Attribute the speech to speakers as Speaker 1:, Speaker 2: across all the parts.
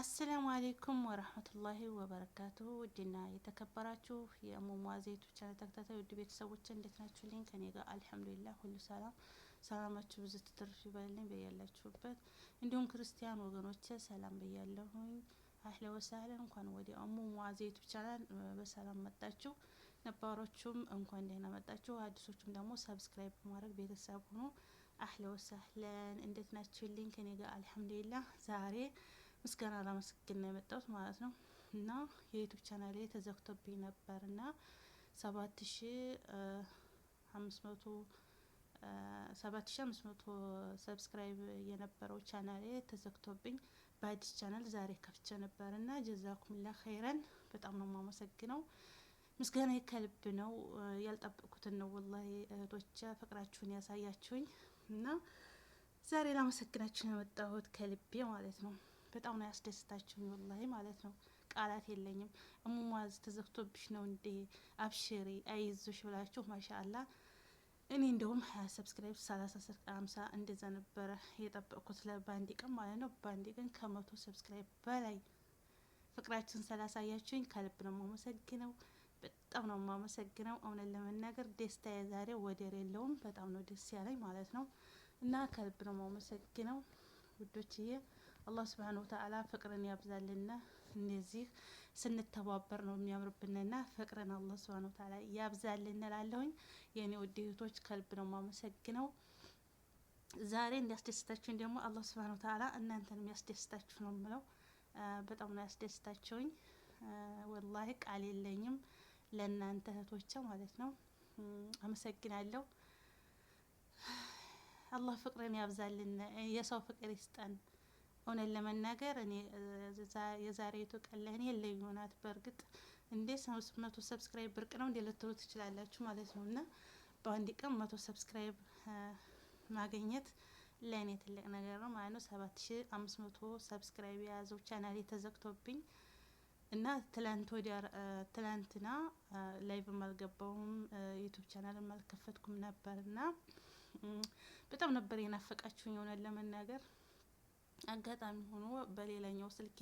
Speaker 1: አሰላሙ አሌይኩም ወረህመቱላሂ ወበረካቱ ውድና የተከበራችሁ የሙሟ ዘይቶች ተከታታይ ውድ ቤተሰቦች እንዴት ናችሁ? ልኝ ከኔ ጋር አልሐምዱሊላህ ሁሉ ሰላም ሰላማችሁ ብዙ ትትርፍ ይበልልኝ በያላችሁበት። እንዲሁም ክርስቲያን ወገኖች ሰላም በያለሁኝ አህለ ወሳለን። እንኳን ወደ ሙሟ ዘይቱ ቻናል በሰላም መጣችሁ። ነባሮቹም እንኳን ደህና መጣችሁ። አዲሶቹም ደግሞ ሰብስክራይብ በማድረግ ቤተሰብ ሆኖ አህለ ወሳለን። እንዴት ናችሁልኝ? ከኔ ጋር አልሐምዱሊላህ ዛሬ ምስጋና ላመሰግን ነው የመጣሁት ማለት ነው። እና የዩቱብ ቻናሌ ተዘግቶብኝ ነበር እና ሰባት ሺ አምስት መቶ ሰባት ሺ አምስት መቶ ሰብስክራይብ የነበረው ቻናሌ ተዘግቶብኝ በአዲስ ቻናል ዛሬ ከፍቼ ነበር እና ጀዛኩምላ ኸይረን በጣም ነው የማመሰግነው። ምስጋና ከልብ ነው። ያልጠበቅኩትን ነው ወላሂ እህቶቼ ፍቅራችሁን ያሳያችሁኝ እና ዛሬ ላመሰግናችሁ ነው የመጣሁት ከልቤ ማለት ነው። በጣም ነው ያስደስታችሁኝ፣ ወላሂ ማለት ነው። ቃላት የለኝም። እሙሟዝ ተዘግቶብሽ ነው እንዴ? አብሽሪ፣ አይዞሽ ብላችሁ ማሻአላ። እኔ እንደውም ሀያ ሰብስክራይብ ሰላሳ አምሳ እንደዛ ነበረ የጠበቅኩት ለባንዲ ቀን ማለት ነው። ባንዲ ከመቶ ሰብስክራይብ በላይ ፍቅራችሁን ስላሳያችሁኝ ከልብ ነው የማመሰግነው። በጣም ነው የማመሰግነው። እውነት ለመናገር ደስታ የዛሬ ወደር የለውም። በጣም ነው ደስ ያለኝ ማለት ነው። እና ከልብ ነው የማመሰግነው ውዶችዬ። አላህ ስብሃነ ወተዓላ ፍቅርን ያብዛልና እንደዚህ ስንተባበር ነው የሚያምርብንና ፍቅርን አላህ ስብሃነ ወተዓላ ያብዛልን እላለሁኝ። የእኔ ውድ እህቶች ከልብ ነው የማመሰግነው። ዛሬ እንዲያስደስታችሁኝ ደግሞ አላህ ስብሃነ ወተዓላ እናንተን የሚያስደስታችሁ ነው የምለው። በጣም ነው ያስደስታችሁኝ። ወላሂ ቃል የለኝም ለእናንተ እህቶቼ ማለት ነው። አመሰግናለሁ። አላህ ፍቅርን ያብዛልን፣ የሰው ፍቅር ይስጠን። እውነት ለመናገር እኔ የዛሬቱ ቀን ለእኔ ልዩ ናት። በእርግጥ እንዴ ሶስት መቶ ሰብስክራይብ ብርቅ ነው እንዴ ልትሉ ትችላላችሁ ማለት ነው። እና በአንድ ቀን መቶ ሰብስክራይብ ማግኘት ለእኔ ትልቅ ነገር ነው ማለት ነው። ሰባት ሺ አምስት መቶ ሰብስክራይብ የያዘው ቻናል ተዘግቶብኝ እና ትላንት ወዲያ ትላንትና ላይቭም አልገባውም ዩቱብ ቻናልም አልከፈትኩም ነበር እና በጣም ነበር የናፈቃችሁኝ የሆነ ለመናገር አጋጣሚ ሆኖ በሌላኛው ስልኬ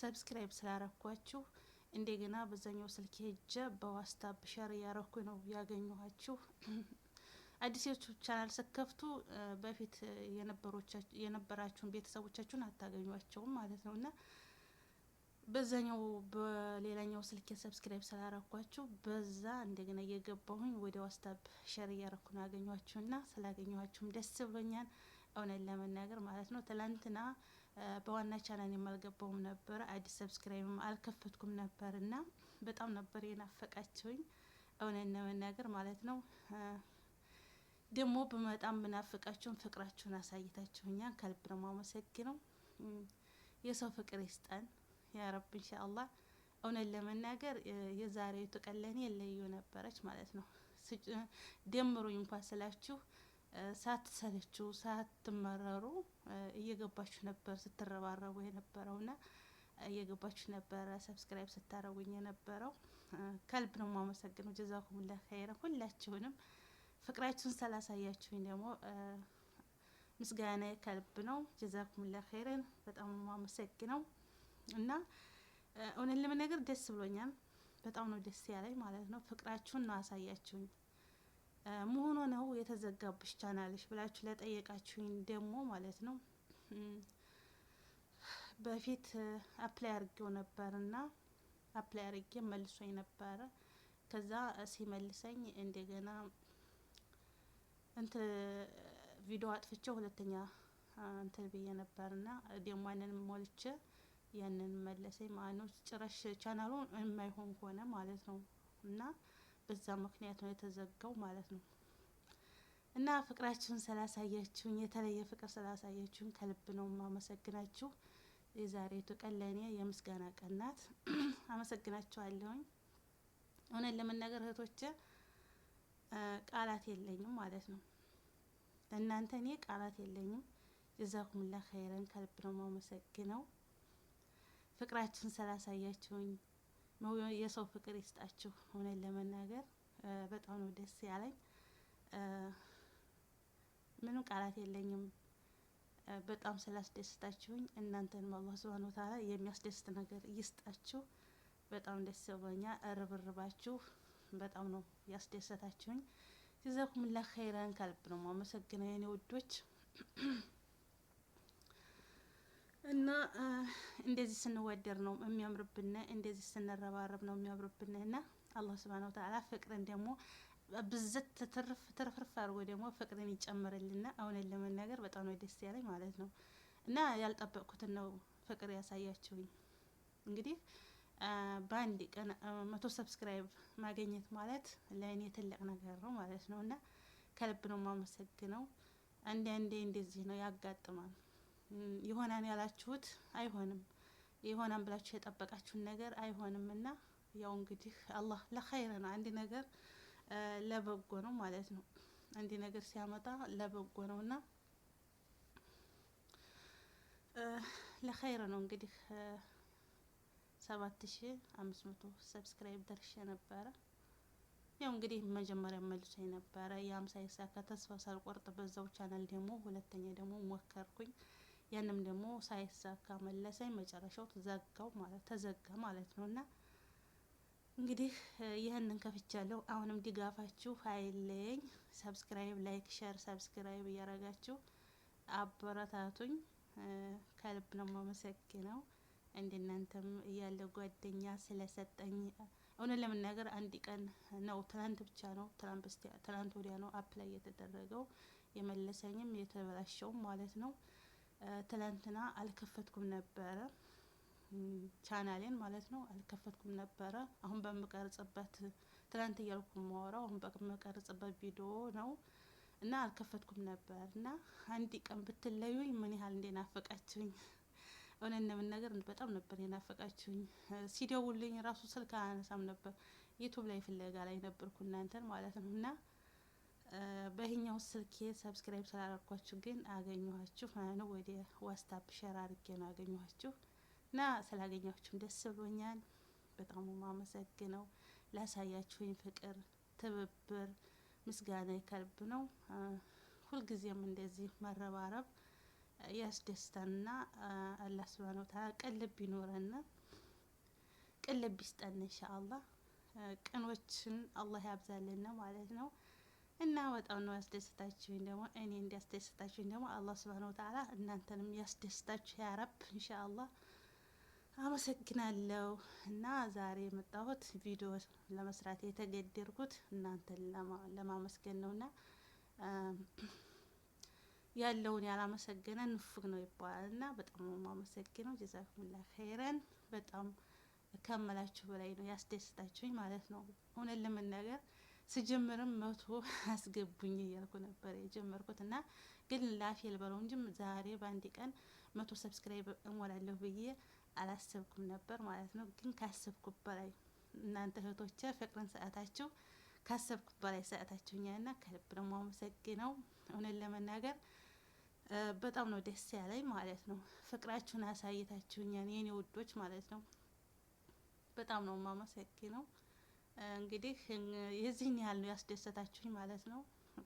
Speaker 1: ሰብስክራይብ ስላረኳችሁ እንደገና በዛኛው ስልኬ ሄጀ በዋስታፕ ሸር እያረኩ ነው ያገኘኋችሁ። አዲስ ዩቱብ ቻናል ስከፍቱ በፊት የነበራችሁን ቤተሰቦቻችሁን አታገኟቸውም ማለት ነው እና በዛኛው በሌላኛው ስልኬ ሰብስክራይብ ስላረኳችሁ በዛ እንደገና እየገባሁኝ ወደ ዋስታፕ ሸር እያረኩ ነው ያገኘኋችሁ እና ስላገኘኋችሁም ደስ ብሎኛል። እውነት ለመናገር ማለት ነው። ትላንትና በዋና ቻናል የማልገባውም ነበር፣ አዲስ ሰብስክራይብም አልከፈትኩም ነበር እና በጣም ነበር የናፈቃችሁኝ እውነት ለመናገር ማለት ነው። ደግሞ በመጣም ምናፍቃችሁን ፍቅራችሁን አሳይታችሁኛል። ከልብ ነው ማመሰግነው። የሰው ፍቅር ይስጠን ያረብ ኢንሻአላህ። እውነት ለመናገር የዛሬው ቀን ለኔ ነበረች ማለት ነው። ደምሩኝ እንኳን ስላችሁ ሳትሰለችው ሳትመረሩ እየገባችሁ ነበር ስትረባረቡ የነበረውና እየገባችሁ ነበረ ሰብስክራይብ ስታረጉኝ የነበረው ከልብ ነው የማመሰግነው። ጀዛኩሙላ ኸይረ ሁላችሁንም ፍቅራችሁን ስላሳያችሁኝ ደግሞ ምስጋና ከልብ ነው። ጀዛኩሙላ ኸይረን በጣም ነው እና እውነት ለመናገር ደስ ብሎኛል። በጣም ነው ደስ ያለኝ ማለት ነው። ፍቅራችሁን ነው አሳያችሁኝ። መሆኑ ነው የተዘጋብሽ ቻናልሽ ብላችሁ ለጠየቃችሁኝ ደግሞ ማለት ነው በፊት አፕላይ አርጌው ነበር እና አፕላይ አርጌ መልሶኝ ነበረ። ከዛ ሲመልሰኝ እንደገና እንት ቪዲዮ አጥፍቼው ሁለተኛ እንትን ብዬ ነበር እና ደግሞ ያንን ሞልቼ ያንን መለሰኝ ማለት ነው። ጭራሽ ቻናሉ የማይሆን ሆነ ማለት ነው እና በዛ ምክንያት ነው የተዘጋው ማለት ነው። እና ፍቅራችሁን ስላሳያችሁኝ የተለየ ፍቅር ስላሳያችሁኝ ከልብ ነው ማመሰግናችሁ። የዛሬቱ ቀን ለእኔ የምስጋና ቀን ናት። አመሰግናችኋለሁኝ። እውነት ለመናገር እህቶች ቃላት የለኝም ማለት ነው። ለእናንተ እኔ ቃላት የለኝም። ጀዛኩሙላ ኸይረን ከልብ ነው ማመሰግነው። ፍቅራችሁን ስላሳያችሁኝ የሰው ፍቅር ይስጣችሁ። እውነት ለመናገር በጣም ነው ደስ ያለኝ። ምንም ቃላት የለኝም። በጣም ስላስደስታችሁኝ እናንተንም አላህ ሱብሃነሁ ወተዓላ የሚያስደስት ነገር ይስጣችሁ። በጣም ደስ ብሎኛ። እርብርባችሁ በጣም ነው ያስደሰታችሁኝ። ጀዛኩሙላህ ኸይረን ከልብ ነው ማመሰግነው የኔ ውዶች። እና እንደዚህ ስንወደር ነው የሚያምርብን፣ እንደዚህ ስንረባረብ ነው የሚያምርብን። እና አላህ ስብሃነ ወተዓላ ፍቅርን ደግሞ ብዝት ትርፍ ትርፍርፍ አድርጎ ደግሞ ፍቅርን ይጨምርልና እውነት ለመናገር በጣም ነው ደስ ያለኝ ማለት ነው። እና ያልጠበቅኩትን ነው ፍቅር ያሳያችሁኝ። እንግዲህ በአንድ ቀን መቶ ሰብስክራይብ ማግኘት ማለት ለእኔ ትልቅ ነገር ነው ማለት ነው። እና ከልብ ነው የማመሰግነው። አንዳንዴ እንደዚህ ነው ያጋጥማል። ይሆናን ያላችሁት አይሆንም፣ ይሆናን ብላችሁ የጠበቃችሁን ነገር አይሆንም። እና ያው እንግዲህ አላህ ለኸይር ነው። አንድ ነገር ለበጎ ነው ማለት ነው። አንድ ነገር ሲያመጣ ለበጎ ነው እና ለኸይር ነው እንግዲህ ሰባት ሺ አምስት መቶ ሰብስክራይብ ደርሼ ነበረ። ያው እንግዲህ መጀመሪያ መልሶ ነበረ የአምሳ ይሳካ ተስፋ ሳልቆርጥ በዛው ቻናል ደግሞ ሁለተኛ ደግሞ ሞከርኩኝ። ያንም ደግሞ ሳይሳካ መለሰኝ። መጨረሻው ተዘጋው ማለት ተዘጋ ማለት እና እንግዲህ ይህንን ከፍቻለሁ። አሁንም ድጋፋችሁ ኃይለኝ ሰብስክራይብ፣ ላይክ፣ ሸር ሰብስክራይብ እያረጋችሁ አበረታቱኝ። ከልብ ነው የማመሰግነው። እንደናንተም እያለ ጓደኛ ስለሰጠኝ እውነት ለመናገር አንድ ቀን ነው፣ ትናንት ብቻ ነው፣ ትናንት ወዲያ ነው አፕላይ የተደረገው የመለሰኝም የተበላሸውም ማለት ነው። ትላንትና አልከፈትኩም ነበረ ቻናሌን ማለት ነው አልከፈትኩም ነበረ። አሁን በምቀርጽበት ትላንት እያልኩ የማወራው አሁን በምቀርጽበት ቪዲዮ ነው እና አልከፈትኩም ነበር እና አንድ ቀን ብትለዩኝ ምን ያህል እንደናፈቃችሁኝ እውነት ነገር በጣም ነበር የናፈቃችሁኝ። ሲደውልኝ ራሱ ስልክ አያነሳም ነበር፣ ዩቱብ ላይ ፍለጋ ላይ ነበርኩ እናንተን ማለት ነው እና በህኛው ስልኬ ሰብስክራይብ ስላደረኳችሁ ግን አገኘኋችሁ ማለት ነው። ወደ ዋስታፕ ሸር አድርጌ ነው አገኘኋችሁ እና ስላገኘኋችሁም ደስ ብሎኛል። በጣም ማመሰግነው ላሳያችሁኝ ፍቅር፣ ትብብር፣ ምስጋና የከልብ ነው። ሁልጊዜም እንደዚህ መረባረብ ያስደስተንና አላህ ሱብሃነሁ ወተዓላ ቅልብ ይኖረና ቅልብ ይስጠን ኢንሻአላህ። ቅኖችን አላህ ያብዛልና ማለት ነው። እና ወጣው ነው ያስደስታችሁኝ። ደግሞ እኔ እንዲያስደስታችሁኝ ደግሞ አላህ ስብሃነ ወተዓላ እናንተንም ያስደስታችሁ ያረብ እንሻ አላህ። አመሰግናለሁ። እና ዛሬ የመጣሁት ቪዲዮ ለመስራት የተገደርኩት እናንተን ለማመስገን ነው። ና ያለውን ያላመሰገነ ንፉግ ነው ይባላል። እና በጣም ማመሰግነው ጀዛኩምላ ኸይረን በጣም ከመላችሁ በላይ ነው ያስደስታችሁኝ ማለት ነው እውነት ነገር ስጀምርም መቶ አስገቡኝ እያልኩ ነበር የጀመርኩት እና ግን ላፍ የልበለው እንጂ ዛሬ በአንድ ቀን መቶ ሰብስክራይብ እሞላለሁ ብዬ አላሰብኩም ነበር ማለት ነው። ግን ካሰብኩ በላይ እናንተ እህቶቼ ፍቅርን ሰዓታችሁ ካሰብኩት በላይ ና ከልብ ደግሞ አመሰግነው። እውነት ለመናገር በጣም ነው ደስ ያለኝ ማለት ነው። ፍቅራችሁን አሳይታችሁኛል የኔ ውዶች ማለት ነው። በጣም ነው ነው። እንግዲህ የዚህን ያህል ነው ያስደሰታችሁኝ ማለት ነው።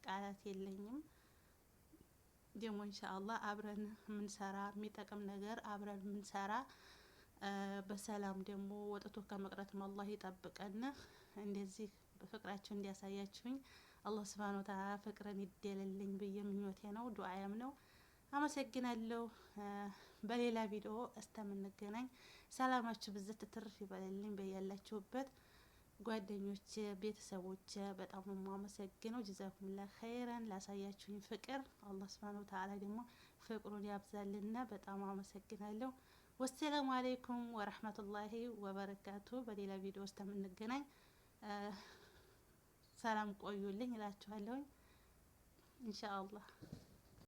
Speaker 1: ቃላት የለኝም። ደግሞ ኢንሻአላህ አብረን የምንሰራ የሚጠቅም ነገር አብረን የምንሰራ በሰላም ደግሞ ወጥቶ ከመቅረትም አላህ ይጠብቀን። እንደዚህ ፍቅራችሁን እንዲያሳያችሁኝ አላህ ስብሃነ ወተዓላ ፍቅርን ይደለልኝ ብዬ ምኞቴ ነው፣ ዱዓዬም ነው። አመሰግናለሁ። በሌላ ቪዲዮ እስተምንገናኝ ሰላማችሁ ብዝት ትርፍ ይበለልኝ በያላችሁበት። ጓደኞች፣ ቤተሰቦች በጣም ነው የማመሰግነው። ጀዛኩምላ ኸይረን ላሳያችሁኝ ፍቅር አላህ ስብሃነ ወተዓላ ደግሞ ፍቅሩን ያብዛልና በጣም አመሰግናለሁ። ወሰላሙ አሌይኩም ወረህመቱላሂ ወበረካቱ። በሌላ ቪዲዮ ውስጥ የምንገናኝ ሰላም ቆዩልኝ እላችኋለሁኝ ኢንሻአላህ።